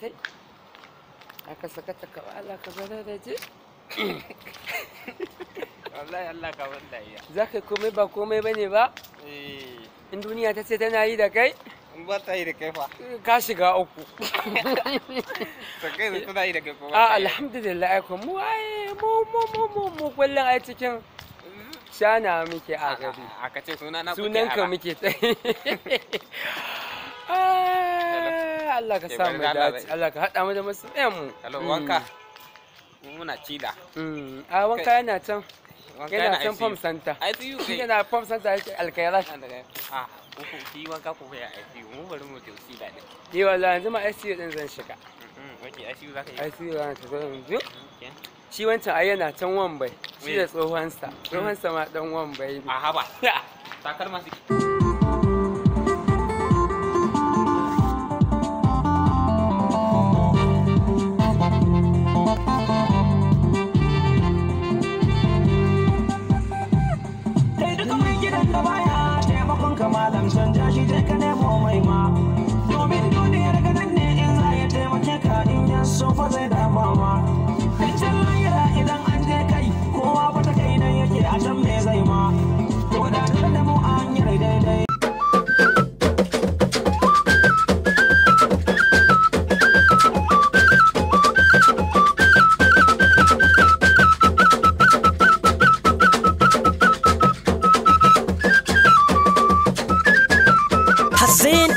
kai aka saka ta ka Allah ka zara da je wallahi Allah ka wanda iya komai ba komai bane ba eh. in duniya ta ce tana yi da kai ba ta yi da kai fa ka shiga uku ta kai da tana yi da kai ah, alhamdulillah ai ko ai mu mu mu mu kullun ai cikin shana muke a gari ce suna na sunan ka muke tsaye ya Allah ka samu dace Allah ka haɗa mu da masu ɗayan mu wanka mm. muna mm. a wanka yana can yana can yana farm center alkaira a ah, shi wanka ku ya ICU mu bari mu da eh wallahi yanzu ma ICU ɗin zan shiga ICU za yi ICU shi wancan yana can wambai shi da Tsohon sa mm. ma dan wambai ne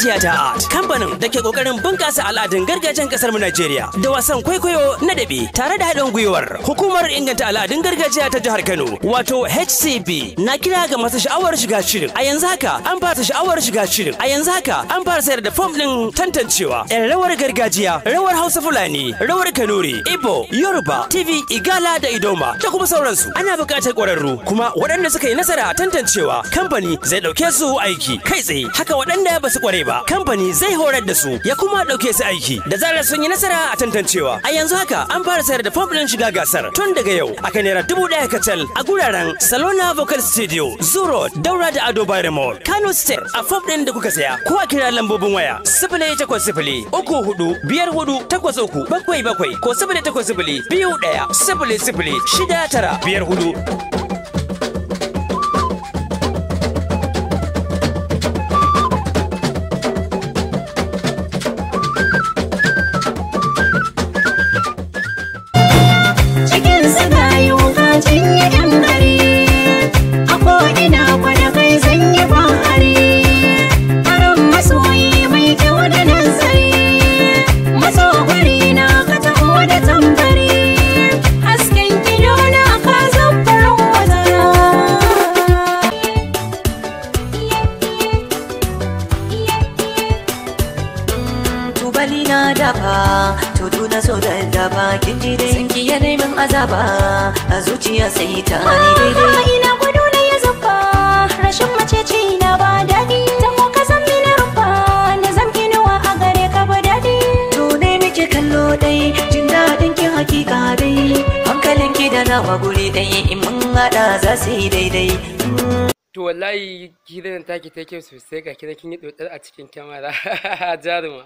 Theater Art kamfanin da ke kokarin bunkasa al'adun gargajiyar kasar mu Najeriya da wasan kwaikwayo na dabe tare da haɗin gwiwar hukumar inganta al'adun gargajiya ta jihar Kano wato HCB na kira ga masu sha'awar shiga shirin a yanzu haka an fara sha'awar shiga shirin a yanzu haka an fara sayar da fom din tantancewa yan rawar gargajiya rawar Hausa Fulani rawar Kanuri Igbo, Yoruba TV Igala da Idoma da kuma sauransu ana buƙatar ƙwararru kuma waɗanda suka yi nasara a tantancewa kamfani zai ɗauke su aiki kai tsaye haka waɗanda ba su ƙware ba kamfani zai horar da su ya kuma ɗauke su aiki da zarar sun yi nasara a tantancewa a yanzu haka an fara sayar da fom shiga gasar tun daga yau a kan naira dubu ɗaya kacal a guraren salona vocal studio zuro daura da ado bayre mall kano state a fom ɗin da kuka saya ko a kira lambobin waya sifili takwas sifili uku hudu biyar hudu takwas uku bakwai bakwai ko sifili takwas sifili biyu ɗaya sifili sifili shida tara biyar hudu. Yeah. na so da daba kin ji dai ya kiya neman azaba a zuciya sai ta ni daidai ina gudu na ya zuffa rashin mace ce na ba daɗi ta ko ka san mina rufa na zan nawa a gare ka ba daɗi to ne muke kallo dai jin daɗin ki hakika dai hankalin ki da nawa guri dai in mun haɗa za su yi daidai to wallahi gidan take take sosai ga kina kin yi dotsar a cikin kyamara jaruma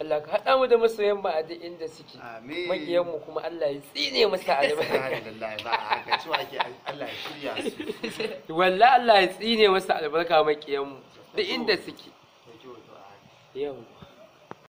Allah ka haɗa mu da masoyan mu a duk inda suke Magiyan mu kuma Allah ya tsine musu albarka Allah ya shirya su wallahi Allah ya tsine musu albarka magiyan mu duk inda suke Yawwa.